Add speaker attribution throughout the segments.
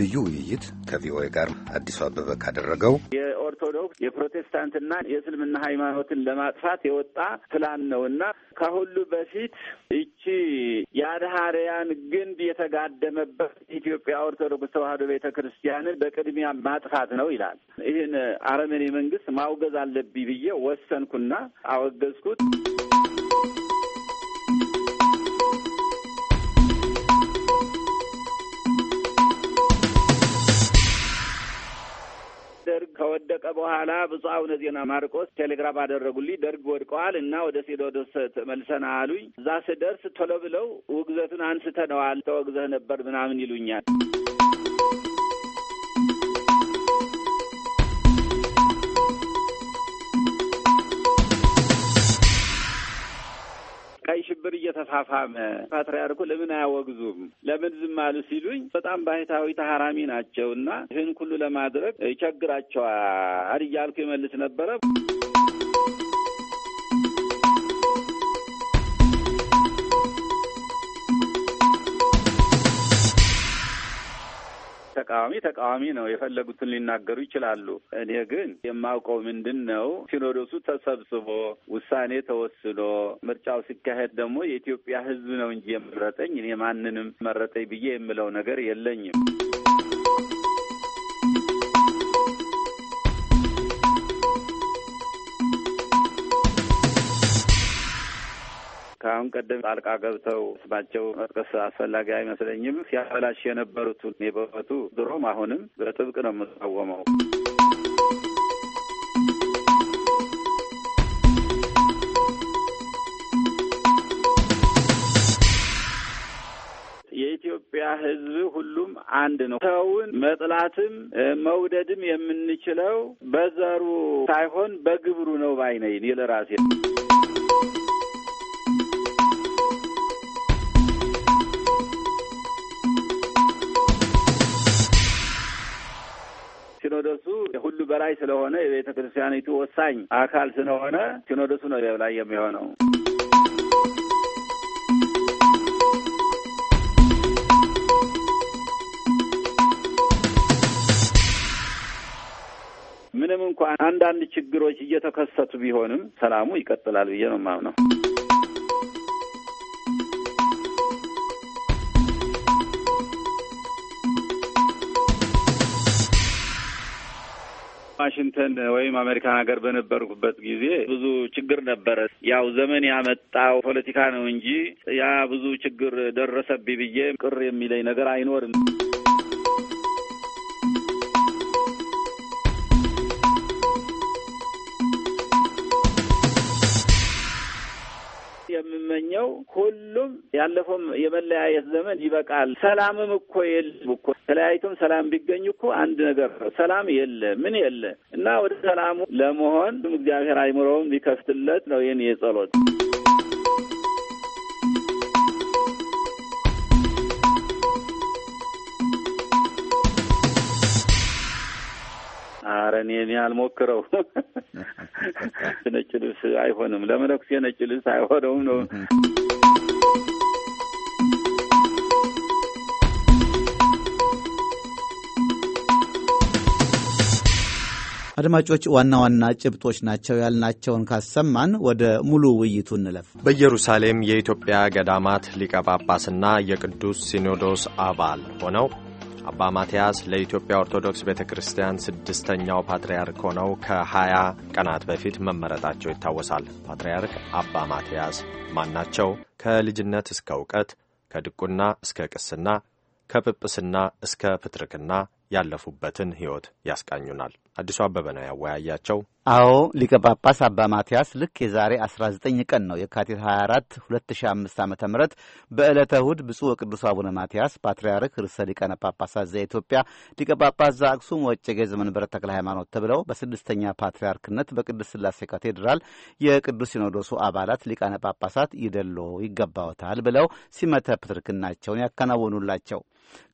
Speaker 1: ልዩ ውይይት ከቪኦኤ ጋር አዲሱ አበበ ካደረገው
Speaker 2: የኦርቶዶክስ የፕሮቴስታንትና የእስልምና ሃይማኖትን ለማጥፋት የወጣ ፕላን ነው እና ከሁሉ በፊት ይቺ የአድሃርያን ግንድ የተጋደመበት ኢትዮጵያ ኦርቶዶክስ ተዋህዶ ቤተ ክርስቲያንን በቅድሚያ ማጥፋት ነው ይላል። ይህን አረመኔ መንግስት ማውገዝ አለብኝ ብዬ ወሰንኩና አወገዝኩት። ደርግ ከወደቀ በኋላ ብፁዕ አቡነ ዜና ማርቆስ ቴሌግራፍ አደረጉልኝ። ደርግ ወድቀዋል እና ወደ ሲኖዶስ ተመልሰና አሉኝ። እዛ ስደርስ ቶሎ ብለው ውግዘቱን አንስተነዋል፣ ተወግዘህ ነበር ምናምን ይሉኛል። ላይ ሽብር እየተፋፋመ ፓትርያርኩ ለምን አያወግዙም ለምን ዝም አሉ ሲሉኝ በጣም ባህታዊ ተሐራሚ ናቸው እና ይህን ሁሉ ለማድረግ ይቸግራቸዋል እያልኩ ይመልስ ነበረ። ተቃዋሚ ተቃዋሚ ነው፣ የፈለጉትን ሊናገሩ ይችላሉ። እኔ ግን የማውቀው ምንድን ነው ሲኖዶሱ ተሰብስቦ ውሳኔ ተወስኖ ምርጫው ሲካሄድ ደግሞ የኢትዮጵያ ሕዝብ ነው እንጂ የመረጠኝ እኔ ማንንም መረጠኝ ብዬ የምለው ነገር የለኝም። ከአሁን ቀደም ጣልቃ ገብተው ስማቸው መጥቀስ አስፈላጊ አይመስለኝም። ሲያበላሽ የነበሩትን የበቱ ድሮም አሁንም በጥብቅ ነው የምታወመው። የኢትዮጵያ ሕዝብ ሁሉም አንድ ነው። ሰውን መጥላትም መውደድም የምንችለው በዘሩ ሳይሆን በግብሩ ነው ባይነኝ ይል ሲኖዶሱ ሁሉ በላይ ስለሆነ የቤተ ክርስቲያኒቱ ወሳኝ አካል ስለሆነ ሲኖዶሱ ነው የበላይ የሚሆነው። ምንም እንኳን አንዳንድ ችግሮች እየተከሰቱ ቢሆንም ሰላሙ ይቀጥላል ብዬ ነው የማምነው። ዋሽንግተን ወይም አሜሪካን ሀገር በነበርኩበት ጊዜ ብዙ ችግር ነበረ። ያው ዘመን ያመጣው ፖለቲካ ነው እንጂ ያ ብዙ ችግር ደረሰብኝ ብዬ ቅር የሚለኝ ነገር አይኖርም። የምመኘው ሁሉም ያለፈውም የመለያየት ዘመን ይበቃል። ሰላምም እኮ የለም እኮ ተለያይቱም ሰላም ቢገኝ እኮ አንድ ነገር ነው። ሰላም የለ ምን የለ እና ወደ ሰላሙ ለመሆን እግዚአብሔር አይምሮውም ቢከፍትለት ነው የኔ ጸሎት። አረ እኔ አልሞክረው ነጭ ልብስ አይሆንም። ለመነኩሴ ነጭ ልብስ አይሆነውም ነው።
Speaker 1: አድማጮች ዋና ዋና ጭብጦች ናቸው ያልናቸውን ካሰማን ወደ ሙሉ ውይይቱ እንለፍ።
Speaker 2: በኢየሩሳሌም የኢትዮጵያ ገዳማት ሊቀ ጳጳስና የቅዱስ ሲኖዶስ አባል ሆነው አባ ማትያስ ለኢትዮጵያ ኦርቶዶክስ ቤተ ክርስቲያን ስድስተኛው ፓትርያርክ ሆነው ከ20 ቀናት በፊት መመረጣቸው ይታወሳል። ፓትርያርክ አባ ማትያስ ማናቸው ከልጅነት እስከ እውቀት፣ ከድቁና እስከ ቅስና፣ ከጵጵስና እስከ ፕትርክና ያለፉበትን ሕይወት
Speaker 1: ያስቃኙናል። አዲሱ አበበ ነው ያወያያቸው። አዎ ሊቀ ጳጳስ አባ ማትያስ ልክ የዛሬ 19 ቀን ነው የካቲት 24 2005 ዓ ም በዕለተ እሁድ ብፁዕ ወቅዱስ አቡነ ማትያስ ፓትርያርክ ርዕሰ ሊቃነ ጳጳሳት ዘኢትዮጵያ ሊቀ ጳጳስ ዘአክሱም ወእጨጌ ዘመንበረ ተክለ ሃይማኖት ተብለው በስድስተኛ ፓትርያርክነት በቅድስት ስላሴ ካቴድራል የቅዱስ ሲኖዶሱ አባላት ሊቃነ ጳጳሳት ይደሎ ይገባዎታል ብለው ሲመተ ፕትርክናቸውን ያከናወኑላቸው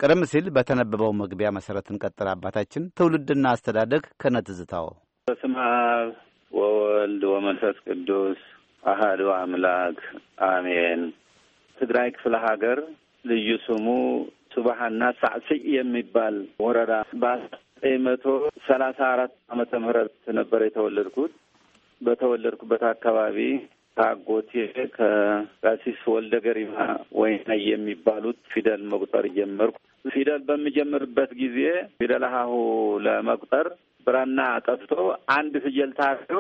Speaker 1: ቀደም ሲል በተነበበው መግቢያ መሰረት እንቀጥል። አባታችን ትውልድና አስተዳደግ ከነትዝታው
Speaker 2: በስመ አብ ወወልድ ወመንፈስ ቅዱስ አህዱ አምላክ አሜን። ትግራይ ክፍለ ሀገር ልዩ ስሙ ሱባሃና ሳዕስዕ የሚባል ወረዳ በአስጠኝ መቶ ሰላሳ አራት አመተ ምህረት ነበር የተወለድኩት። በተወለድኩበት አካባቢ አጎቴ ከቀሲስ ወልደ ገሪማ ወይነ የሚባሉት ፊደል መቁጠር ጀመርኩ። ፊደል በሚጀምርበት ጊዜ ፊደል ሀሁ ለመቁጠር ብራና ጠፍቶ አንድ ፍየል ታዶ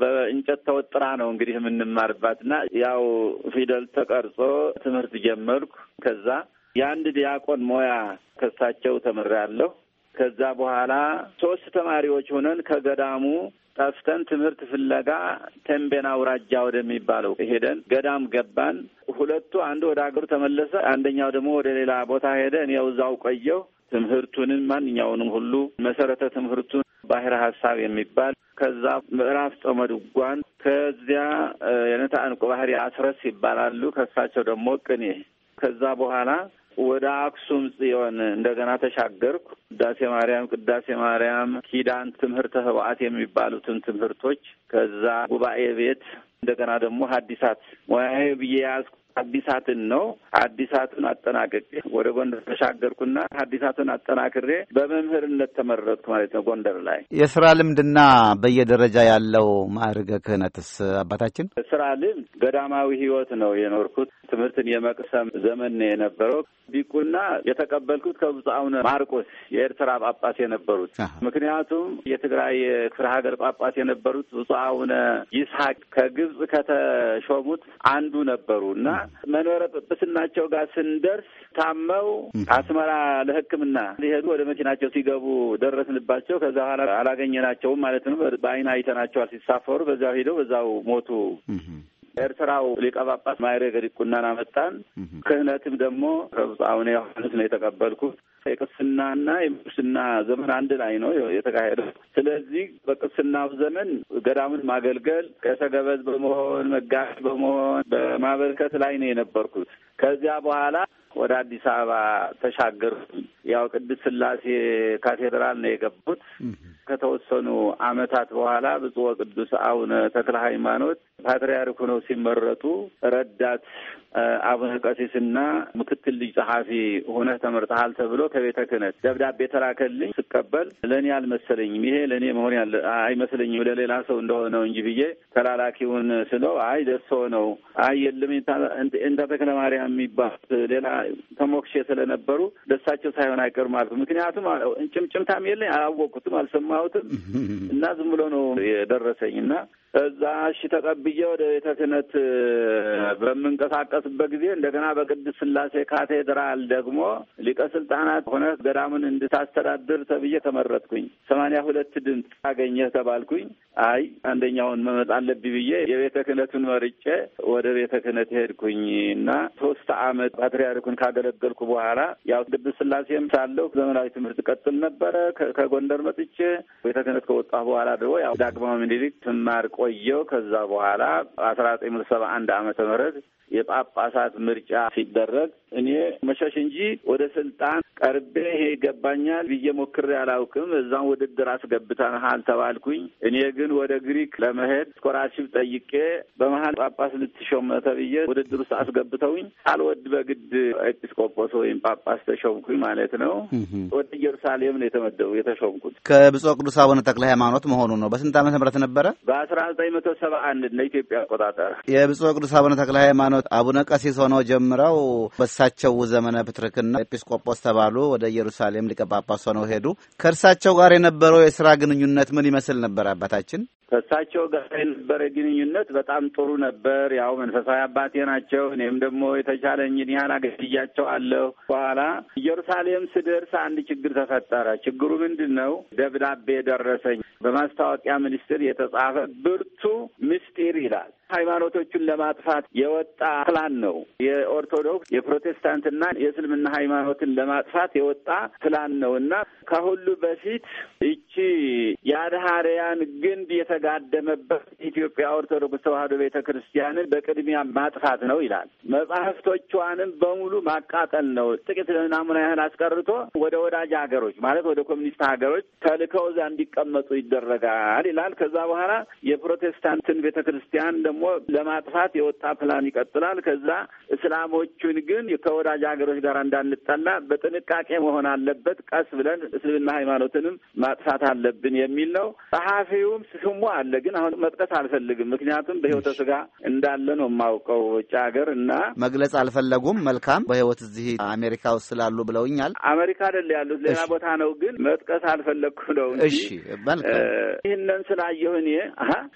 Speaker 2: በእንጨት ተወጥራ ነው እንግዲህ የምንማርባትና ያው ፊደል ተቀርጾ ትምህርት ጀመርኩ። ከዛ የአንድ ዲያቆን ሙያ ከሳቸው ተምሬያለሁ። ከዛ በኋላ ሶስት ተማሪዎች ሆነን ከገዳሙ ጠፍተን ትምህርት ፍለጋ ተንቤን አውራጃ ወደሚባለው ሄደን ገዳም ገባን። ሁለቱ አንዱ ወደ አገሩ ተመለሰ፣ አንደኛው ደግሞ ወደ ሌላ ቦታ ሄደ። እኔ እዛው ቆየሁ። ትምህርቱንም ማንኛውንም ሁሉ መሰረተ ትምህርቱን ባህረ ሀሳብ የሚባል ከዛ ምዕራፍ ጾመ ድጓን ከዚያ የነታ እንቁ ባህሪ አስረስ ይባላሉ። ከሳቸው ደግሞ ቅኔ ከዛ በኋላ ወደ አክሱም ጽዮን እንደገና ተሻገርኩ። ቅዳሴ ማርያም፣ ቅዳሴ ማርያም፣ ኪዳን፣ ትምህርተ ህወሓት የሚባሉትን ትምህርቶች ከዛ ጉባኤ ቤት እንደገና ደግሞ ሀዲሳት ሙያዬ ብዬ ያዝኩ አዲሳትን ነው። አዲሳትን አጠናቅቄ ወደ ጎንደር ተሻገርኩና አዲሳትን አጠናክሬ በመምህርነት ተመረጥኩ ማለት ነው። ጎንደር ላይ
Speaker 1: የስራ ልምድና በየደረጃ ያለው ማዕርገ ክህነትስ አባታችን?
Speaker 2: ስራ ልምድ ገዳማዊ ህይወት ነው የኖርኩት። ትምህርትን የመቅሰም ዘመን ነው የነበረው። ቢቁና የተቀበልኩት ከብፁዕ አቡነ ማርቆስ የኤርትራ ጳጳስ የነበሩት ምክንያቱም የትግራይ ክፍለ ሀገር ጳጳስ የነበሩት ብፁዕ አቡነ ይስሐቅ ከግብፅ ከተሾሙት አንዱ ነበሩ እና መኖረ ጵጵስናቸው ጋር ስንደርስ ታመው አስመራ ለሕክምና ሊሄዱ ወደ መኪናቸው ሲገቡ ደረስንባቸው። ከዛ በኋላ አላገኘናቸውም ማለት ነው። በአይን አይተናቸዋል ሲሳፈሩ። በዛው ሄደው በዛው ሞቱ። ኤርትራው ሊቀ ጳጳስ ማይሬ ገዲቁናን አመጣን። ክህነትም ደግሞ ረብጽ አቡነ ዮሐንስ ነው የተቀበልኩት። የቅስናና የምቅስና ዘመን አንድ ላይ ነው የተካሄደው። ስለዚህ በቅስናው ዘመን ገዳምን ማገልገል ቄሰ ገበዝ በመሆን መጋቢ በመሆን በማበርከት ላይ ነው የነበርኩት። ከዚያ በኋላ ወደ አዲስ አበባ ተሻገር ያው ቅዱስ ስላሴ ካቴድራል ነው የገቡት። ከተወሰኑ አመታት በኋላ ብፁዕ ወቅዱስ አቡነ ተክለ ሃይማኖት ፓትርያርኩ ነው ሲመረጡ ረዳት አቡነ ቀሲስና ምክትል ልጅ ጸሐፊ ሆነህ ተመርጠሃል ተብሎ ከቤተ ክህነት ደብዳቤ ተላከልኝ። ስቀበል ለእኔ አልመሰለኝም። ይሄ ለእኔ መሆን ያለ አይመስለኝም ለሌላ ሰው እንደሆነው እንጂ ብዬ ተላላኪውን ስለው አይ ደሶ ነው አይ የለም እንተ ተክለ ማርያም የሚባል ሌላ ተሞክሼ ስለነበሩ ደሳቸው ሳይሆን አይቀርም አልኩ። ምክንያቱም ጭምጭምታም የለኝ አላወቅኩትም፣ አልሰማሁትም እና ዝም ብሎ ነው የደረሰኝ እና እዛ እሺ ተቀብዬ ወደ ቤተ ክህነት በምንቀሳቀስበት ጊዜ እንደገና በቅድስት ስላሴ ካቴድራል ደግሞ ሊቀ ስልጣናት ሆነ ገዳሙን እንድታስተዳድር ተብዬ ተመረጥኩኝ። ሰማንያ ሁለት ድምፅ አገኘህ ተባልኩኝ። አይ አንደኛውን መመጣ አለብኝ ብዬ የቤተ ክህነቱን መርጬ ወደ ቤተ ክህነት ሄድኩኝ እና ሶስት አመት ፓትሪያርኩን ካገለገልኩ በኋላ ያው ቅድስት ስላሴም ሳለሁ ዘመናዊ ትምህርት ቀጥል ነበረ። ከጎንደር መጥቼ ቤተ ክህነት ከወጣሁ በኋላ ደግሞ ያው ዳግማዊ ምኒልክ ትማርቆ ቆየው። ከዛ በኋላ አስራ ዘጠኝ መቶ ሰባ አንድ አመተ ምህረት የጳጳሳት ምርጫ ሲደረግ እኔ መሸሽ እንጂ ወደ ስልጣን ቀርቤ ይሄ ይገባኛል ብዬ ሞክሬ አላውቅም። እዛም ውድድር አስገብተንሃል ተባልኩኝ። እኔ ግን ወደ ግሪክ ለመሄድ ስኮላርሺፕ ጠይቄ በመሀል ጳጳስ ልትሾም ተብዬ ውድድር ውስጥ አስገብተውኝ አልወድ በግድ ኤጲስቆጶስ ወይም ጳጳስ ተሾምኩኝ ማለት ነው። ወደ ኢየሩሳሌም ነው የተመደቡ የተሾምኩት።
Speaker 1: ከብፁዕ ቅዱስ አቡነ ተክለ ሃይማኖት መሆኑ ነው። በስንት ዓመተ ምህረት ነበረ?
Speaker 2: በአስራ ዘጠኝ መቶ ሰባ አንድ እንደ ኢትዮጵያ አቆጣጠር
Speaker 1: የብፁዕ ቅዱስ አቡነ ተክለ ሃይማኖት ሃይማኖት አቡነ ቀሲስ ሆነው ጀምረው በሳቸው ዘመነ ፕትርክና ኤጲስቆጶስ ተባሉ። ወደ ኢየሩሳሌም ሊቀ ጳጳስ ሆነው ሄዱ። ከእርሳቸው ጋር የነበረው የስራ ግንኙነት ምን ይመስል ነበር አባታችን?
Speaker 2: ከእሳቸው ጋር የነበረ ግንኙነት በጣም ጥሩ ነበር። ያው መንፈሳዊ አባቴ ናቸው። እኔም ደግሞ የተቻለኝን ያህል አገድያቸው አለሁ። በኋላ ኢየሩሳሌም ስደርስ አንድ ችግር ተፈጠረ። ችግሩ ምንድን ነው? ደብዳቤ ደረሰኝ። በማስታወቂያ ሚኒስቴር የተጻፈ ብርቱ ምስጢር ይላል። ሃይማኖቶችን ለማጥፋት የወጣ ፕላን ነው። የኦርቶዶክስ የፕሮቴስታንትና የእስልምና ሃይማኖትን ለማጥፋት የወጣ ፕላን ነው እና ከሁሉ በፊት ይቺ የአድሃሪያን ግንብ የተጋደመበት ኢትዮጵያ ኦርቶዶክስ ተዋህዶ ቤተ ክርስቲያንን በቅድሚያ ማጥፋት ነው ይላል። መጽሐፍቶቿንም በሙሉ ማቃጠል ነው። ጥቂት ናሙና ያህል አስቀርቶ ወደ ወዳጅ ሀገሮች ማለት ወደ ኮሚኒስት ሀገሮች ተልከው እዛ እንዲቀመጡ ይደረጋል ይላል። ከዛ በኋላ የፕሮቴስታንትን ቤተ ክርስቲያን ደግሞ ለማጥፋት የወጣ ፕላን ይቀጥላል። ከዛ እስላሞቹን ግን ከወዳጅ ሀገሮች ጋር እንዳንጣላ በጥንቃቄ መሆን አለበት። ቀስ ብለን እስልምና ሃይማኖትንም ማጥፋት አለብን የሚል ነው። ጸሐፊውም ስሙ አለ፣ ግን አሁን መጥቀስ አልፈልግም። ምክንያቱም በህይወተ ስጋ እንዳለ ነው የማውቀው ውጭ ሀገር እና
Speaker 1: መግለጽ አልፈለጉም። መልካም በህይወት እዚህ አሜሪካ ውስጥ ስላሉ ብለውኛል።
Speaker 2: አሜሪካ አይደል ያሉት ሌላ ቦታ ነው፣ ግን መጥቀስ አልፈለግኩ ነው። እሺ መልካም። ይህንን ስላየሁ እኔ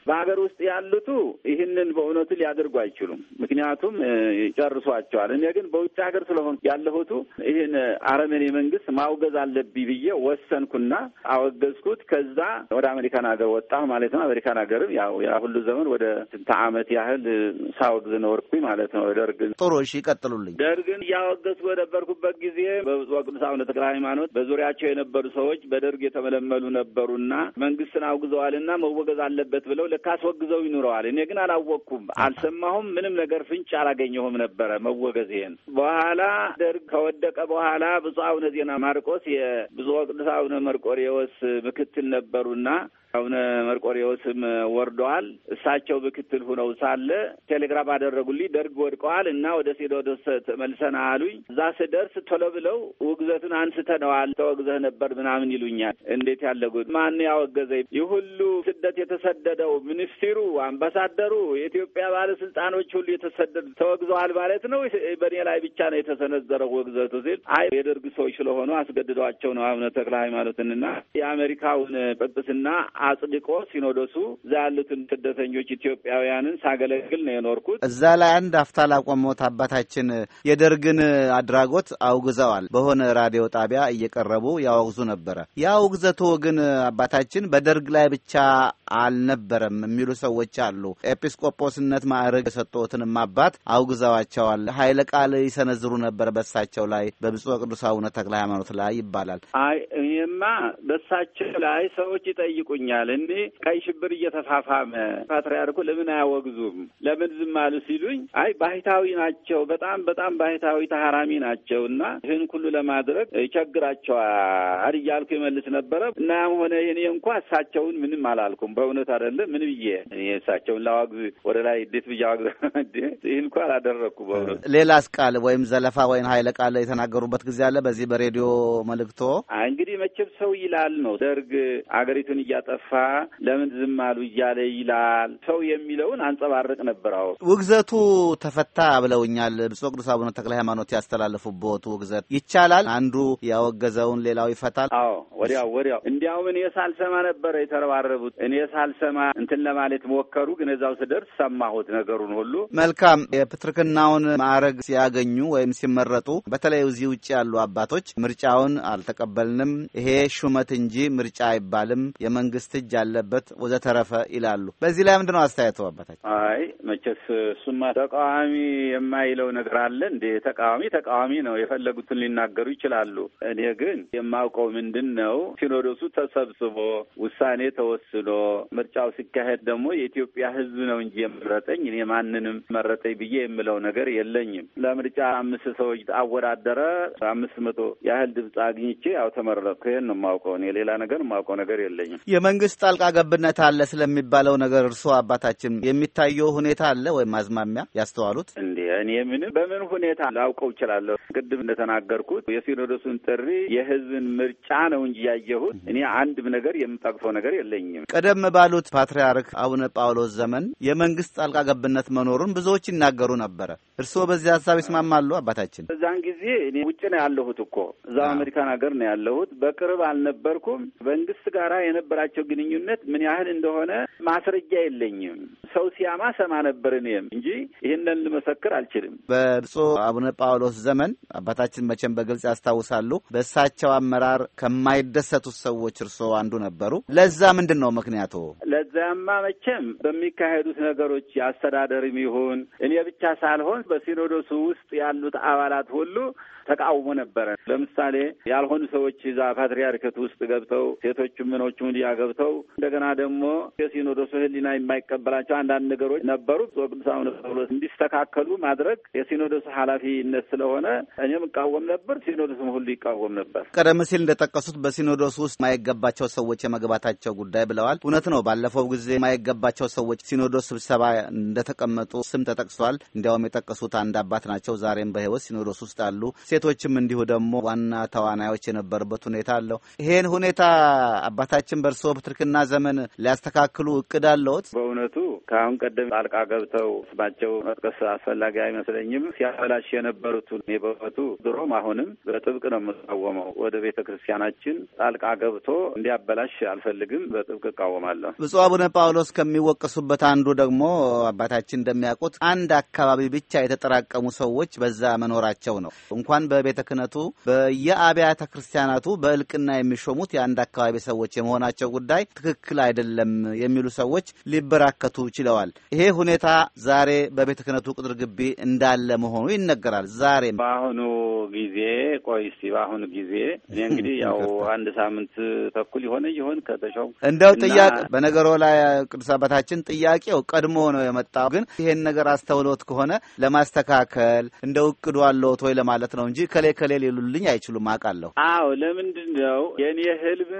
Speaker 2: በሀገር ውስጥ ያሉቱ ይህ ይህንን በእውነቱ ሊያደርጉ አይችሉም። ምክንያቱም ጨርሷቸዋል። እኔ ግን በውጭ ሀገር ስለሆን ያለሁቱ ይህን አረመኔ መንግስት ማውገዝ አለብኝ ብዬ ወሰንኩና አወገዝኩት። ከዛ ወደ አሜሪካን ሀገር ወጣሁ ማለት ነው። አሜሪካን ሀገርም ያው ያ ሁሉ ዘመን ወደ ስንት አመት ያህል ሳወግዝ ኖርኩኝ ማለት ነው። ደርግን ጥሩ እሺ፣ ይቀጥሉልኝ። ደርግን እያወገዝኩ በነበርኩበት ጊዜ በብፁዕ ወቅዱስ አቡነ ተክለ ሃይማኖት በዙሪያቸው የነበሩ ሰዎች በደርግ የተመለመሉ ነበሩና መንግስትን አውግዘዋልና መወገዝ አለበት ብለው ለካስወግዘው ይኑረዋል። እኔ ግን አላ አላወቅኩም፣ አልሰማሁም፣ ምንም ነገር ፍንጭ አላገኘሁም ነበረ መወገዜን። በኋላ ደርግ ከወደቀ በኋላ ብፁዕ አቡነ ዜና ማርቆስ የብፁዕ ወቅዱስ አቡነ መርቆሬዎስ ምክትል ነበሩና አቡነ መርቆሬዎስም ወርደዋል። እሳቸው ምክትል ሁነው ሳለ ቴሌግራም አደረጉልኝ። ደርግ ወድቀዋል እና ወደ ሲኖዶስ ተመልሰና አሉኝ። እዛ ስደርስ ቶሎ ብለው ውግዘቱን አንስተነዋል፣ ተወግዘህ ነበር ምናምን ይሉኛል። እንዴት ያለጉት ማን ያወገዘ? ይህ ሁሉ ስደት የተሰደደው ሚኒስትሩ፣ አምባሳደሩ፣ የኢትዮጵያ ባለስልጣኖች ሁሉ የተሰደዱ ተወግዘዋል ማለት ነው። በእኔ ላይ ብቻ ነው የተሰነዘረው ወግዘቱ ሲል አይ የደርግ ሰዎች ስለሆኑ አስገድዷቸው ነው አቡነ ተክለ ሃይማኖትንና የአሜሪካውን ጵጵስና አጽድቆ ሲኖዶሱ እዛ ያሉትን ስደተኞች ኢትዮጵያውያንን ሳገለግል ነው
Speaker 1: የኖርኩት። እዛ ላይ አንድ አፍታ ላቆሞት አባታችን የደርግን አድራጎት አውግዘዋል። በሆነ ራዲዮ ጣቢያ እየቀረቡ ያወግዙ ነበረ። ያ ውግዘቱ ግን አባታችን በደርግ ላይ ብቻ አልነበረም የሚሉ ሰዎች አሉ። ኤፒስ ኤጲስቆጶስነት ማዕረግ የሰጡትንም አባት አውግዘዋቸዋል። ኃይለ ቃል ይሰነዝሩ ነበር በሳቸው ላይ በብፁዕ ቅዱስ አቡነ ተክለ ሃይማኖት ላይ ይባላል።
Speaker 2: አይ እኔማ በሳቸው ላይ ሰዎች ይጠይቁኛል። እኔ ቀይ ሽብር እየተፋፋመ ፓትርያርኩ ለምን አያወግዙም ለምን ዝም አሉ ሲሉኝ፣ አይ ባህታዊ ናቸው፣ በጣም በጣም ባህታዊ ተሃራሚ ናቸው እና ይህን ሁሉ ለማድረግ ይቸግራቸዋል እያልኩ ይመልስ ነበረ እና ያም ሆነ እኔ እንኳ እሳቸውን ምንም አላልኩም። በእውነት አይደለም ምን ብዬ እሳቸውን ላዋግዙ ወደ ላይ እንዴት ብዬ ይህን እንኳ አላደረግኩ። በእውነት
Speaker 1: ሌላስ ቃል ወይም ዘለፋ ወይም ኃይለ ቃል የተናገሩበት ጊዜ አለ በዚህ በሬዲዮ መልእክቶ?
Speaker 2: እንግዲህ መቼም ሰው ይላል ነው። ደርግ አገሪቱን እያጠፋ ለምን ዝም አሉ እያለ ይላል። ሰው የሚለውን አንጸባርቅ ነበር። አዎ
Speaker 1: ውግዘቱ ተፈታ ብለውኛል ብፁዕ ቅዱስ አቡነ ተክለ ሃይማኖት ያስተላለፉበት ውግዘት ይቻላል። አንዱ ያወገዘውን ሌላው ይፈታል። አዎ ወዲያው ወዲያው።
Speaker 2: እንዲያውም እኔ ሳልሰማ ነበረ የተረባረቡት። እኔ ሳልሰማ እንትን ለማለት ሞከሩ፣ ግን እዛው ስደ ስደርስ ሰማሁት ነገሩን ሁሉ።
Speaker 1: መልካም የፕትርክናውን ማዕረግ ሲያገኙ ወይም ሲመረጡ በተለይ እዚህ ውጭ ያሉ አባቶች ምርጫውን አልተቀበልንም፣ ይሄ ሹመት እንጂ ምርጫ አይባልም፣ የመንግስት እጅ አለበት ወዘተረፈ ይላሉ። በዚህ ላይ ምንድነው አስተያየቱ አባታቸው?
Speaker 2: አይ መቼስ እሱማ ተቃዋሚ የማይለው ነገር አለ እንዴ? ተቃዋሚ ተቃዋሚ ነው፣ የፈለጉትን ሊናገሩ ይችላሉ። እኔ ግን የማውቀው ምንድን ነው ሲኖዶሱ ተሰብስቦ ውሳኔ ተወስኖ ምርጫው ሲካሄድ ደግሞ የኢትዮጵያ ህዝብ ነው እንጂ የመረጠኝ እኔ ማንንም መረጠኝ ብዬ የምለው ነገር የለኝም። ለምርጫ አምስት ሰዎች አወዳደረ አምስት መቶ ያህል ድምፅ አግኝቼ ያው ተመረጥኩ። ይህን ነው የማውቀው እኔ ሌላ ነገር የማውቀው ነገር የለኝም።
Speaker 1: የመንግስት ጣልቃ ገብነት አለ ስለሚባለው ነገር እርስዎ አባታችን የሚታየው ሁኔታ አለ ወይም አዝማሚያ ያስተዋሉት?
Speaker 2: እንዴ እኔ ምንም በምን ሁኔታ ላውቀው እችላለሁ? ቅድም እንደተናገርኩት የሲኖዶሱን ጥሪ የህዝብን ምርጫ ነው እንጂ ያየሁት እኔ አንድም ነገር የምጠቅፈው ነገር የለኝም።
Speaker 1: ቀደም ባሉት ፓትርያርክ አቡነ ጳውሎስ ዘመን የመንግስት ጣልቃ ገብነት መኖሩን ብዙዎች ይናገሩ ነበረ። እርስዎ በዚህ ሀሳብ ይስማማሉ? አባታችን
Speaker 2: በዛን ጊዜ እኔ ውጭ ነው ያለሁት እኮ እዛው አሜሪካን ሀገር ነው ያለሁት። በቅርብ አልነበርኩም። መንግስት ጋር የነበራቸው ግንኙነት ምን ያህል እንደሆነ ማስረጃ የለኝም። ሰው ሲያማ ሰማ ነበር እኔም እንጂ ይህንን ልመሰክር አልችልም።
Speaker 1: በብፁዕ አቡነ ጳውሎስ ዘመን አባታችን መቼም በግልጽ ያስታውሳሉ። በእሳቸው አመራር ከማይደሰቱት ሰዎች እርስዎ አንዱ ነበሩ። ለዛ ምንድን ነው ምክንያቱ?
Speaker 2: ለዛማ መቼም በሚካሄዱት የሚሉት ነገሮች የአስተዳደርም ይሁን እኔ ብቻ ሳልሆን በሲኖዶሱ ውስጥ ያሉት አባላት ሁሉ ተቃውሞ ነበረ። ለምሳሌ ያልሆኑ ሰዎች እዛ ፓትሪያርክት ውስጥ ገብተው ሴቶቹም ምኖቹም ሊያ ገብተው እንደገና ደግሞ የሲኖዶሱ ሕሊና የማይቀበላቸው አንዳንድ ነገሮች ነበሩ። ቅዱስ አቡነ ጳውሎስ እንዲስተካከሉ ማድረግ የሲኖዶሱ ኃላፊነት ስለሆነ እኔም እቃወም ነበር፣ ሲኖዶስም ሁሉ ይቃወም ነበር።
Speaker 1: ቀደም ሲል እንደጠቀሱት በሲኖዶስ ውስጥ የማይገባቸው ሰዎች የመግባታቸው ጉዳይ ብለዋል። እውነት ነው። ባለፈው ጊዜ የማይገባቸው ሰዎች ሲኖዶስ ስብሰባ እንደተቀመጡ ስም ተጠቅሷል። እንዲያውም የጠቀሱት አንድ አባት ናቸው። ዛሬም በህይወት ሲኖዶስ ውስጥ አሉ። ሴቶችም እንዲሁ ደግሞ ዋና ተዋናዮች የነበሩበት ሁኔታ አለው። ይሄን ሁኔታ አባታችን በእርስዎ በትርክና ዘመን ሊያስተካክሉ እቅድ አለዎት? በእውነቱ ከአሁን
Speaker 2: ቀደም ጣልቃ ገብተው ስማቸው መጥቀስ አስፈላጊ አይመስለኝም ሲያበላሽ የነበሩትን የበቱ ድሮም አሁንም በጥብቅ ነው የምቃወመው። ወደ ቤተ ክርስቲያናችን ጣልቃ ገብቶ እንዲያበላሽ አልፈልግም፣ በጥብቅ እቃወማለሁ።
Speaker 1: ብፁዕ አቡነ ጳውሎስ ከሚወቀሱበት አንዱ ደግሞ አባታችን እንደሚያውቁት አንድ አካባቢ ብቻ የተጠራቀሙ ሰዎች በዛ መኖራቸው ነው። እንኳን በቤተ ክህነቱ በየአብያተ ክርስቲያናቱ በእልቅና የሚሾሙት የአንድ አካባቢ ሰዎች የመሆናቸው ጉዳይ ትክክል አይደለም የሚሉ ሰዎች ሊበራከቱ ችለዋል። ይሄ ሁኔታ ዛሬ በቤተ ክህነቱ ቅጥር ግቢ እንዳለ መሆኑ ይነገራል። ዛሬም
Speaker 2: በአሁኑ ጊዜ ቆይ እስኪ በአሁኑ ጊዜ እኔ እንግዲህ ያው አንድ ሳምንት ተኩል የሆነ ይሆን ከተሾም እንደው ጥያቄ
Speaker 1: በነገሮ ላይ ቅዱስ አባታችን ጥያቄው ቀድሞ ነው የመጣው። ግን ይሄን ነገር አስተውሎት ከሆነ ለማስተካከል እንደ እቅዱ አለዎት ወይ ለማለት ነው እንጂ እንጂ ከሌ ከሌ ሌሉልኝ አይችሉም። አውቃለሁ።
Speaker 2: አዎ፣ ለምንድን ነው የእኔ ህልም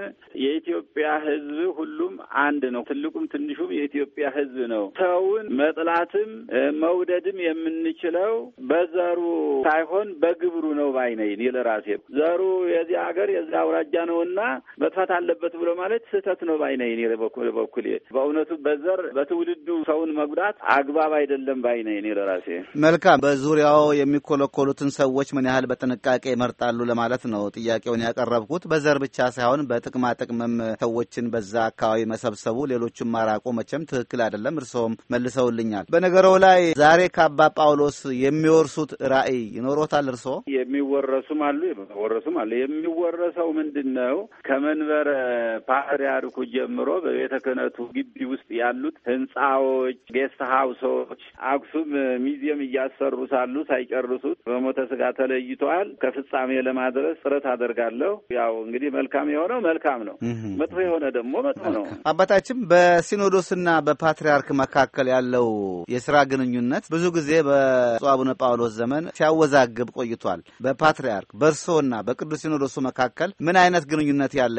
Speaker 2: የኢትዮጵያ ህዝብ ሁሉም አንድ ነው። ትልቁም ትንሹም የኢትዮጵያ ህዝብ ነው። ሰውን መጥላትም መውደድም የምንችለው በዘሩ ሳይሆን በግብሩ ነው ባይነኝ ለራሴ ዘሩ የዚህ ሀገር የዚያ አውራጃ ነው እና መጥፋት አለበት ብሎ ማለት ስህተት ነው ባይነኝ በኩሌ። በእውነቱ በዘር በትውልዱ ሰውን መጉዳት አግባብ አይደለም ባይነኝ ለራሴ።
Speaker 1: መልካም። በዙሪያው የሚኮለኮሉትን ሰዎች ምን ያህል ያህል በጥንቃቄ ይመርጣሉ ለማለት ነው ጥያቄውን ያቀረብኩት። በዘር ብቻ ሳይሆን በጥቅማ ጥቅምም ሰዎችን በዛ አካባቢ መሰብሰቡ፣ ሌሎቹም ማራቆ መቼም ትክክል አይደለም። እርስዎም መልሰውልኛል። በነገረው ላይ ዛሬ ከአባ ጳውሎስ የሚወርሱት ራዕይ ይኖሮታል እርስዎ?
Speaker 2: የሚወረሱም አሉ የሚወረሱም አሉ። የሚወረሰው ምንድን ነው? ከመንበረ ፓትርያርኩ ጀምሮ በቤተ ክህነቱ ግቢ ውስጥ ያሉት ህንፃዎች፣ ጌስት ሀውሶች አክሱም ሚዚየም እያሰሩ ሳሉ ሳይጨርሱት በሞተ ስጋ ተለይ ቆይተዋል። ከፍጻሜ ለማድረስ ጥረት አደርጋለሁ። ያው እንግዲህ መልካም የሆነው መልካም ነው፣ መጥፎ የሆነ ደግሞ መጥፎ ነው።
Speaker 1: አባታችን በሲኖዶስና በፓትርያርክ መካከል ያለው የስራ ግንኙነት ብዙ ጊዜ በብፁዕ አቡነ ጳውሎስ ዘመን ሲያወዛግብ ቆይቷል። በፓትርያርክ በእርስዎና በቅዱስ ሲኖዶሱ መካከል ምን አይነት ግንኙነት ያለ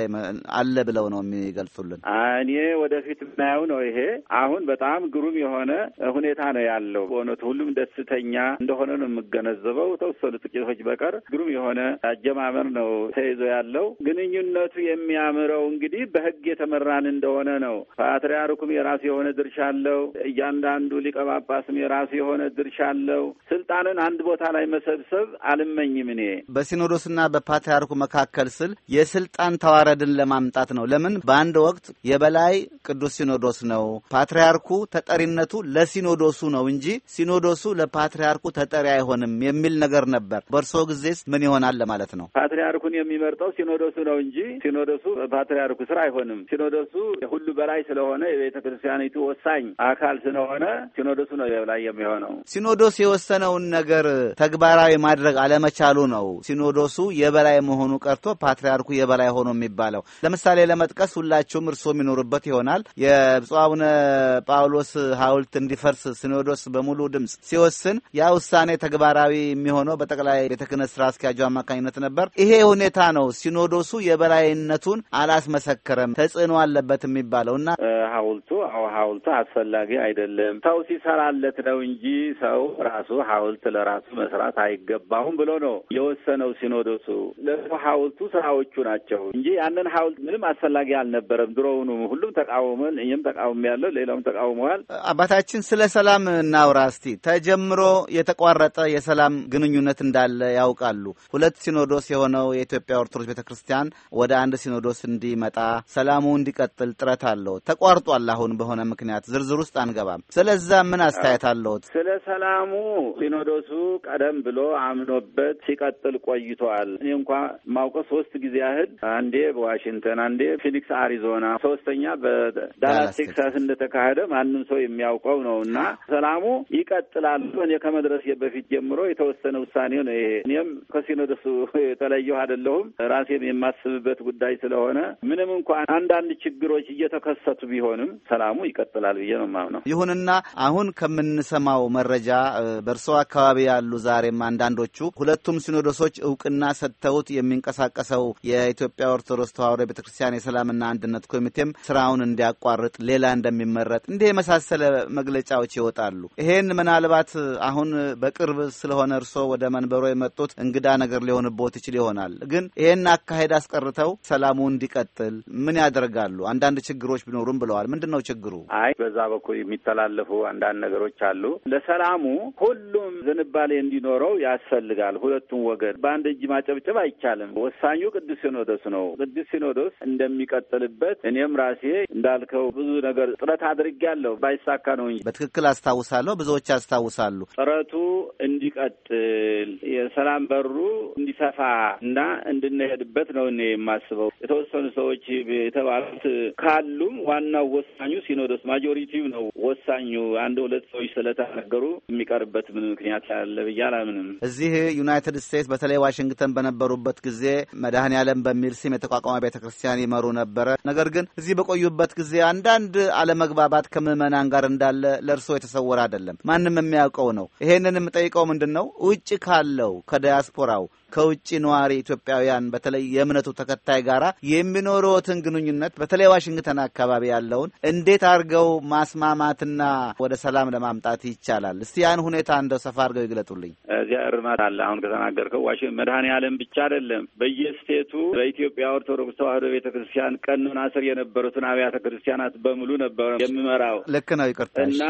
Speaker 1: አለ ብለው ነው የሚገልጹልን?
Speaker 2: እኔ ወደፊት ምናየው ነው ይሄ። አሁን በጣም ግሩም የሆነ ሁኔታ ነው ያለው። በእውነቱ ሁሉም ደስተኛ እንደሆነ ነው የምገነዘበው። ተወሰኑ ጥቂቶች ሰዎች በቀር ግሩም የሆነ አጀማመር ነው ተይዞ ያለው። ግንኙነቱ የሚያምረው እንግዲህ በህግ የተመራን እንደሆነ ነው። ፓትርያርኩም የራሱ የሆነ ድርሻ አለው። እያንዳንዱ ሊቀ ጳጳስም የራሱ የሆነ ድርሻ አለው። ስልጣንን አንድ ቦታ ላይ መሰብሰብ አልመኝም እኔ
Speaker 1: በሲኖዶስና በፓትርያርኩ መካከል ስል የስልጣን ተዋረድን ለማምጣት ነው። ለምን በአንድ ወቅት የበላይ ቅዱስ ሲኖዶስ ነው። ፓትርያርኩ ተጠሪነቱ ለሲኖዶሱ ነው እንጂ ሲኖዶሱ ለፓትርያርኩ ተጠሪ አይሆንም የሚል ነገር ነበር። በእርስዎ ጊዜስ ምን ይሆናል ለማለት ነው?
Speaker 2: ፓትሪያርኩን የሚመርጠው ሲኖዶሱ ነው እንጂ ሲኖዶሱ ፓትሪያርኩ ስራ አይሆንም። ሲኖዶሱ ሁሉ በላይ ስለሆነ የቤተ ክርስቲያኒቱ ወሳኝ አካል ስለሆነ ሲኖዶሱ ነው የበላይ የሚሆነው።
Speaker 1: ሲኖዶስ የወሰነውን ነገር ተግባራዊ ማድረግ አለመቻሉ ነው ሲኖዶሱ የበላይ መሆኑ ቀርቶ ፓትሪያርኩ የበላይ ሆኖ የሚባለው። ለምሳሌ ለመጥቀስ ሁላችሁም እርስዎ የሚኖሩበት ይሆናል። የብፁዕ አቡነ ጳውሎስ ሐውልት እንዲፈርስ ሲኖዶስ በሙሉ ድምፅ ሲወስን ያ ውሳኔ ተግባራዊ የሚሆነው በጠቅላይ ቤተ ክህነት ስራ አስኪያጁ አማካኝነት ነበር። ይሄ ሁኔታ ነው ሲኖዶሱ የበላይነቱን አላስመሰከረም፣ ተጽዕኖ አለበት የሚባለው እና ሀውልቱ ሐውልቱ አስፈላጊ አይደለም፣
Speaker 2: ሰው ሲሰራለት ነው እንጂ ሰው ራሱ ሐውልት ለራሱ መስራት አይገባውም ብሎ ነው የወሰነው ሲኖዶሱ። ለሰው ሐውልቱ ስራዎቹ ናቸው እንጂ ያንን ሐውልት ምንም አስፈላጊ አልነበረም። ድሮውኑ ሁሉም ተቃውሞን፣ እኔም ተቃውሞ ያለው ሌላውም ተቃውመዋል።
Speaker 1: አባታችን ስለ ሰላም እናውራ እስቲ። ተጀምሮ የተቋረጠ የሰላም ግንኙነት እንዳለ ያውቃሉ። ሁለት ሲኖዶስ የሆነው የኢትዮጵያ ኦርቶዶክስ ቤተ ክርስቲያን ወደ አንድ ሲኖዶስ እንዲመጣ ሰላሙ እንዲቀጥል ጥረት አለው። ተቋርጧል አሁን በሆነ ምክንያት ዝርዝር ውስጥ አንገባም። ስለዛ ምን አስተያየት አለሁት? ስለ
Speaker 2: ሰላሙ ሲኖዶሱ ቀደም ብሎ አምኖበት ሲቀጥል ቆይቷል። እኔ እንኳ ማውቀው ሶስት ጊዜ ያህል አንዴ በዋሽንግተን አንዴ ፊኒክስ አሪዞና፣ ሶስተኛ በዳላስ ቴክሳስ እንደተካሄደ ማንም ሰው የሚያውቀው ነው እና ሰላሙ ይቀጥላል። እኔ ከመድረስ በፊት ጀምሮ የተወሰነ ውሳኔ ነው ይሄ። እኔም ከሲኖዶሱ የተለየሁ አይደለሁም። ራሴም የማስብበት ጉዳይ ስለሆነ ምንም እንኳን አንዳንድ ችግሮች እየተከሰቱ ቢሆንም ሰላም ሰላሙ ይቀጥላል ብዬ ነው የማምነው።
Speaker 1: ይሁንና አሁን ከምንሰማው መረጃ በእርሶ አካባቢ ያሉ ዛሬም አንዳንዶቹ ሁለቱም ሲኖዶሶች እውቅና ሰጥተውት የሚንቀሳቀሰው የኢትዮጵያ ኦርቶዶክስ ተዋሕዶ ቤተ ክርስቲያን የሰላምና አንድነት ኮሚቴም ስራውን እንዲያቋርጥ ሌላ እንደሚመረጥ እንዲህ የመሳሰለ መግለጫዎች ይወጣሉ። ይሄን ምናልባት አሁን በቅርብ ስለሆነ እርሶ ወደ መንበሮ የመጡት እንግዳ ነገር ሊሆንቦት ይችል ይሆናል። ግን ይሄን አካሄድ አስቀርተው ሰላሙ እንዲቀጥል ምን ያደርጋሉ? አንዳንድ ችግሮች ቢኖሩም ብለዋል። ምንድን ነው ችግሩ? ችግሩ?
Speaker 2: አይ በዛ በኩል የሚተላለፉ አንዳንድ ነገሮች አሉ። ለሰላሙ ሁሉም ዝንባሌ እንዲኖረው ያስፈልጋል። ሁለቱም ወገን በአንድ እጅ ማጨብጨብ አይቻልም። ወሳኙ ቅዱስ ሲኖዶስ ነው። ቅዱስ ሲኖዶስ እንደሚቀጥልበት እኔም ራሴ እንዳልከው ብዙ ነገር ጥረት አድርጌያለሁ። ባይሳካ ነው እንጂ
Speaker 1: በትክክል አስታውሳለሁ። ብዙዎች አስታውሳሉ።
Speaker 2: ጥረቱ እንዲቀጥል የሰላም በሩ እንዲሰፋ እና እንድንሄድበት ነው እኔ የማስበው። የተወሰኑ ሰዎች የተባሉት ካሉም ዋናው ወሳኙ ሲኖዶስ ማጆሪቲው ነው ወሳኙ። አንድ ሁለት ሰዎች ስለተናገሩ የሚቀርበት ምን ምክንያት ያለ ብዬ አላምንም።
Speaker 1: እዚህ ዩናይትድ ስቴትስ በተለይ ዋሽንግተን በነበሩበት ጊዜ መድኃኔ ዓለም በሚል ስም የተቋቋመ ቤተ ክርስቲያን ይመሩ ነበረ። ነገር ግን እዚህ በቆዩበት ጊዜ አንዳንድ አለመግባባት ከምዕመናን ጋር እንዳለ ለእርስዎ የተሰወረ አይደለም፣ ማንም የሚያውቀው ነው። ይሄንን የምጠይቀው ምንድን ነው ውጭ ካለው ከዲያስፖራው ከውጭ ነዋሪ ኢትዮጵያውያን በተለይ የእምነቱ ተከታይ ጋር የሚኖረዎትን ግንኙነት በተለይ ዋሽንግተን አካባቢ ያለውን እንዴት አድርገው ማስማማትና ወደ ሰላም ለማምጣት ይቻላል? እስቲ ያን ሁኔታ እንደው ሰፋ አድርገው ይግለጡልኝ።
Speaker 2: እዚያ እርማት አለ። አሁን ከተናገርከው ዋሽ መድኃኔ ዓለም ብቻ አይደለም፣ በየስቴቱ በኢትዮጵያ ኦርቶዶክስ ተዋሕዶ ቤተ ክርስቲያን ቀኖና ስር የነበሩትን አብያተ ክርስቲያናት በሙሉ ነበረ የምመራው።
Speaker 1: ልክ ነው። ይቅርታ እና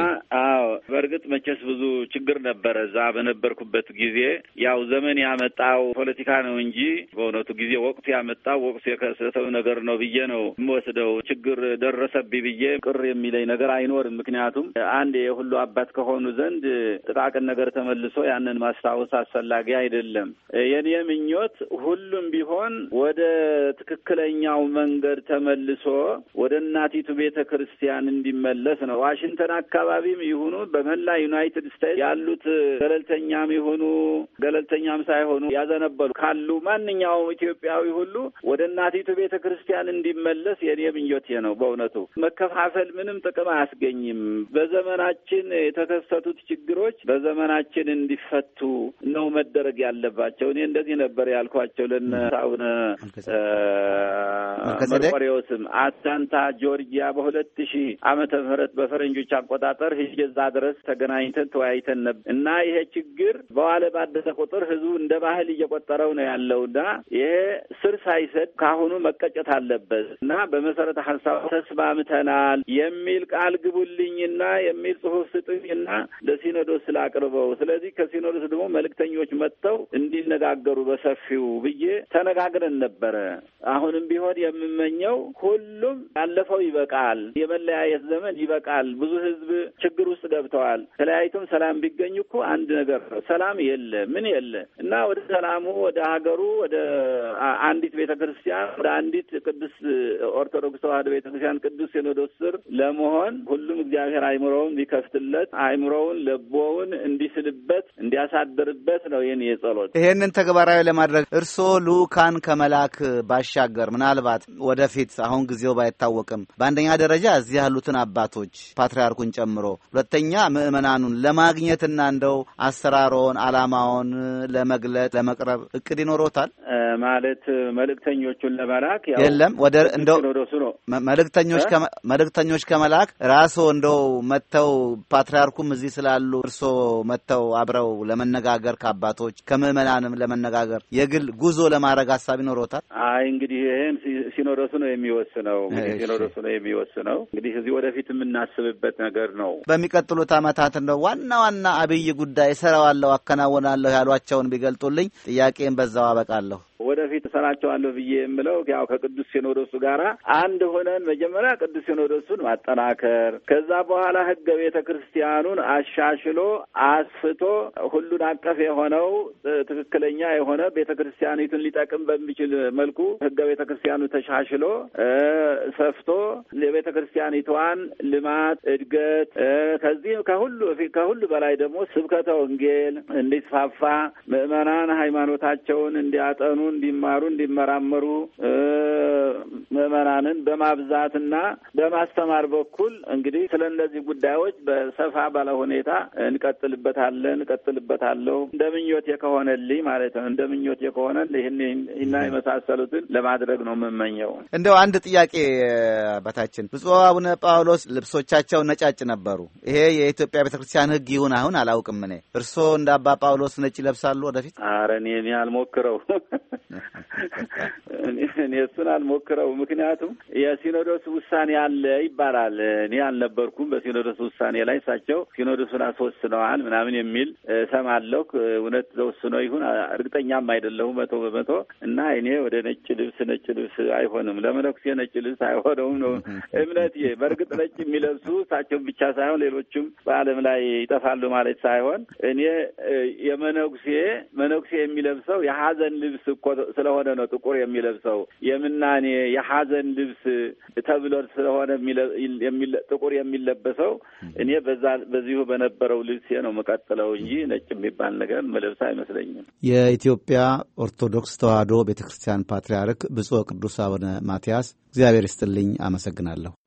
Speaker 2: አዎ፣ በእርግጥ መቼስ ብዙ ችግር ነበረ እዛ በነበርኩበት ጊዜ ያው ዘመን ያመጣው ፖለቲካ ነው እንጂ በእውነቱ ጊዜ ወቅቱ ያመጣው ወቅቱ የከሰተው ነገር ነው ብዬ ነው የምወስደው። ችግር ደረሰብኝ ብዬ ቅር የሚለኝ ነገር አይኖርም። ምክንያቱም አንድ የሁሉ አባት ከሆኑ ዘንድ ጥቃቅን ነገር ተመልሶ ያንን ማስታወስ አስፈላጊ አይደለም። የኔ ምኞት ሁሉም ቢሆን ወደ ትክክለኛው መንገድ ተመልሶ ወደ እናቲቱ ቤተ ክርስቲያን እንዲመለስ ነው። ዋሽንግተን አካባቢም ይሁኑ በመላ ዩናይትድ ስቴትስ ያሉት ገለልተኛም ይሁኑ ገለልተኛም ሳይሆኑ ያዘ ተነበሉ ካሉ ማንኛውም ኢትዮጵያዊ ሁሉ ወደ እናቲቱ ቤተ ክርስቲያን እንዲመለስ የኔ ምኞቴ ነው። በእውነቱ መከፋፈል ምንም ጥቅም አያስገኝም። በዘመናችን የተከሰቱት ችግሮች በዘመናችን እንዲፈቱ ነው መደረግ ያለባቸው። እኔ እንደዚህ ነበር ያልኳቸው ለነ አቡነ መርቆሬዎስም አታንታ ጆርጂያ በሁለት ሺህ አመተ ምህረት በፈረንጆች አቆጣጠር ህጀዛ ድረስ ተገናኝተን ተወያይተን ነበር እና ይሄ ችግር በዋለ ባደሰ ቁጥር ህዝቡ እንደ ባህል እየ እየቆጠረው ነው ያለው እና ይሄ ስር ሳይሰድ ከአሁኑ መቀጨት አለበት እና በመሰረተ ሀሳብ ተስማምተናል የሚል ቃል ግቡልኝና የሚል ጽሁፍ ስጡኝና ለሲኖዶስ ስላቅርበው ስለዚህ ከሲኖዶስ ደግሞ መልእክተኞች መጥተው እንዲነጋገሩ በሰፊው ብዬ ተነጋግረን ነበረ። አሁንም ቢሆን የምመኘው ሁሉም ያለፈው ይበቃል፣ የመለያየት ዘመን ይበቃል። ብዙ ህዝብ ችግር ውስጥ ገብተዋል። ተለያይቱም ሰላም ቢገኝ እኮ አንድ ነገር ሰላም የለ ምን የለ እና ወደ ሰላም ደግሞ ወደ ሀገሩ ወደ አንዲት ቤተ ክርስቲያን ወደ አንዲት ቅዱስ ኦርቶዶክስ ተዋህዶ ቤተ ክርስቲያን ቅዱስ ሲኖዶስ ስር ለመሆን ሁሉም እግዚአብሔር አይምሮውን ሊከፍትለት አይምሮውን ልቦውን እንዲስልበት እንዲያሳድርበት ነው ይህን የጸሎት
Speaker 1: ይሄንን ተግባራዊ ለማድረግ እርስዎ ልኡካን ከመላክ ባሻገር ምናልባት ወደፊት አሁን ጊዜው ባይታወቅም በአንደኛ ደረጃ እዚህ ያሉትን አባቶች ፓትርያርኩን ጨምሮ፣ ሁለተኛ ምእመናኑን ለማግኘትና እንደው አሰራሮን አላማውን ለመግለጥ ለመቅረብ የማቅረብ እቅድ ይኖሮታል?
Speaker 2: ማለት መልእክተኞቹን ለመላክ የለም
Speaker 1: ወደ እንደው መልእክተኞች መልእክተኞች ከመላክ ራስዎ እንደው መጥተው ፓትርያርኩም እዚህ ስላሉ እርስዎ መጥተው አብረው ለመነጋገር ከአባቶች ከምዕመናንም ለመነጋገር የግል ጉዞ ለማድረግ ሀሳብ ይኖሮታል?
Speaker 2: አይ እንግዲህ ይህን ሲኖዶሱ ነው የሚወስነው። ሲኖዶሱ ነው የሚወስነው። እንግዲህ እዚህ ወደፊት የምናስብበት ነገር ነው።
Speaker 1: በሚቀጥሉት ዓመታት እንደው ዋና ዋና አብይ ጉዳይ እሰራዋለሁ፣ አከናውናለሁ ያሏቸውን ቢገልጡልኝ ጥያቄን በዛው አበቃለሁ።
Speaker 2: ወደፊት እሰራቸዋለሁ ብዬ የምለው ያው ከቅዱስ ሲኖዶሱ ጋር አንድ ሆነን መጀመሪያ ቅዱስ ሲኖዶሱን ማጠናከር ከዛ በኋላ ህገ ቤተ ክርስቲያኑን አሻሽሎ አስፍቶ ሁሉን አቀፍ የሆነው ትክክለኛ የሆነ ቤተ ክርስቲያኒቱን ሊጠቅም በሚችል መልኩ ህገ ቤተ ክርስቲያኑ ተሻሽሎ ሰፍቶ የቤተ ክርስቲያኒቷን ልማት እድገት ከዚህ ከሁሉ ከሁሉ በላይ ደግሞ ስብከተ ወንጌል እንዲስፋፋ ምእመናን ሃይማኖታቸውን እንዲያጠኑ እንዲማሩ እንዲመራመሩ ምዕመናንን በማብዛትና በማስተማር በኩል እንግዲህ ስለ እነዚህ ጉዳዮች በሰፋ ባለ ሁኔታ እንቀጥልበታለን እንቀጥልበታለሁ። እንደ ምኞቴ ከሆነልኝ ማለት ነው። እንደ ምኞቴ ከሆነ ይህና የመሳሰሉትን ለማድረግ ነው የምመኘው።
Speaker 1: እንደው አንድ ጥያቄ አባታችን ብፁዕ አቡነ ጳውሎስ ልብሶቻቸው ነጫጭ ነበሩ። ይሄ የኢትዮጵያ ቤተ ክርስቲያን ሕግ ይሁን አሁን አላውቅም። እኔ እርስዎ እንደ አባ ጳውሎስ ነጭ ይለብሳሉ ወደፊት? ኧረ እኔ አልሞክረው
Speaker 2: እኔ እሱን አልሞክረው። ምክንያቱም የሲኖዶስ ውሳኔ አለ ይባላል። እኔ አልነበርኩም በሲኖዶስ ውሳኔ ላይ እሳቸው ሲኖዶሱን አስወስነዋል ምናምን የሚል ሰማለሁ። እውነት ተወስኖ ይሁን እርግጠኛም አይደለሁም መቶ በመቶ እና እኔ ወደ ነጭ ልብስ ነጭ ልብስ አይሆንም ለመነኩሴ ነጭ ልብስ አይሆነውም ነው እምነቴ። በእርግጥ ነጭ የሚለብሱ እሳቸውን ብቻ ሳይሆን ሌሎችም በዓለም ላይ ይጠፋሉ ማለት ሳይሆን እኔ የመነኩሴ መነኩሴ የሚለብሰው የሀዘን ልብስ እኮ ስለሆነ ነው ጥቁር የሚለብሰው የምናኔ የሀዘን ልብስ ተብሎ ስለሆነ ጥቁር የሚለበሰው። እኔ በዛ በዚሁ በነበረው ልብሴ ነው መቀጥለው እንጂ ነጭ የሚባል ነገር መለብሳ አይመስለኝም።
Speaker 1: የኢትዮጵያ ኦርቶዶክስ ተዋህዶ ቤተ ክርስቲያን ፓትርያርክ ብፁዕ ቅዱስ አቡነ ማትያስ እግዚአብሔር ይስጥልኝ፣ አመሰግናለሁ።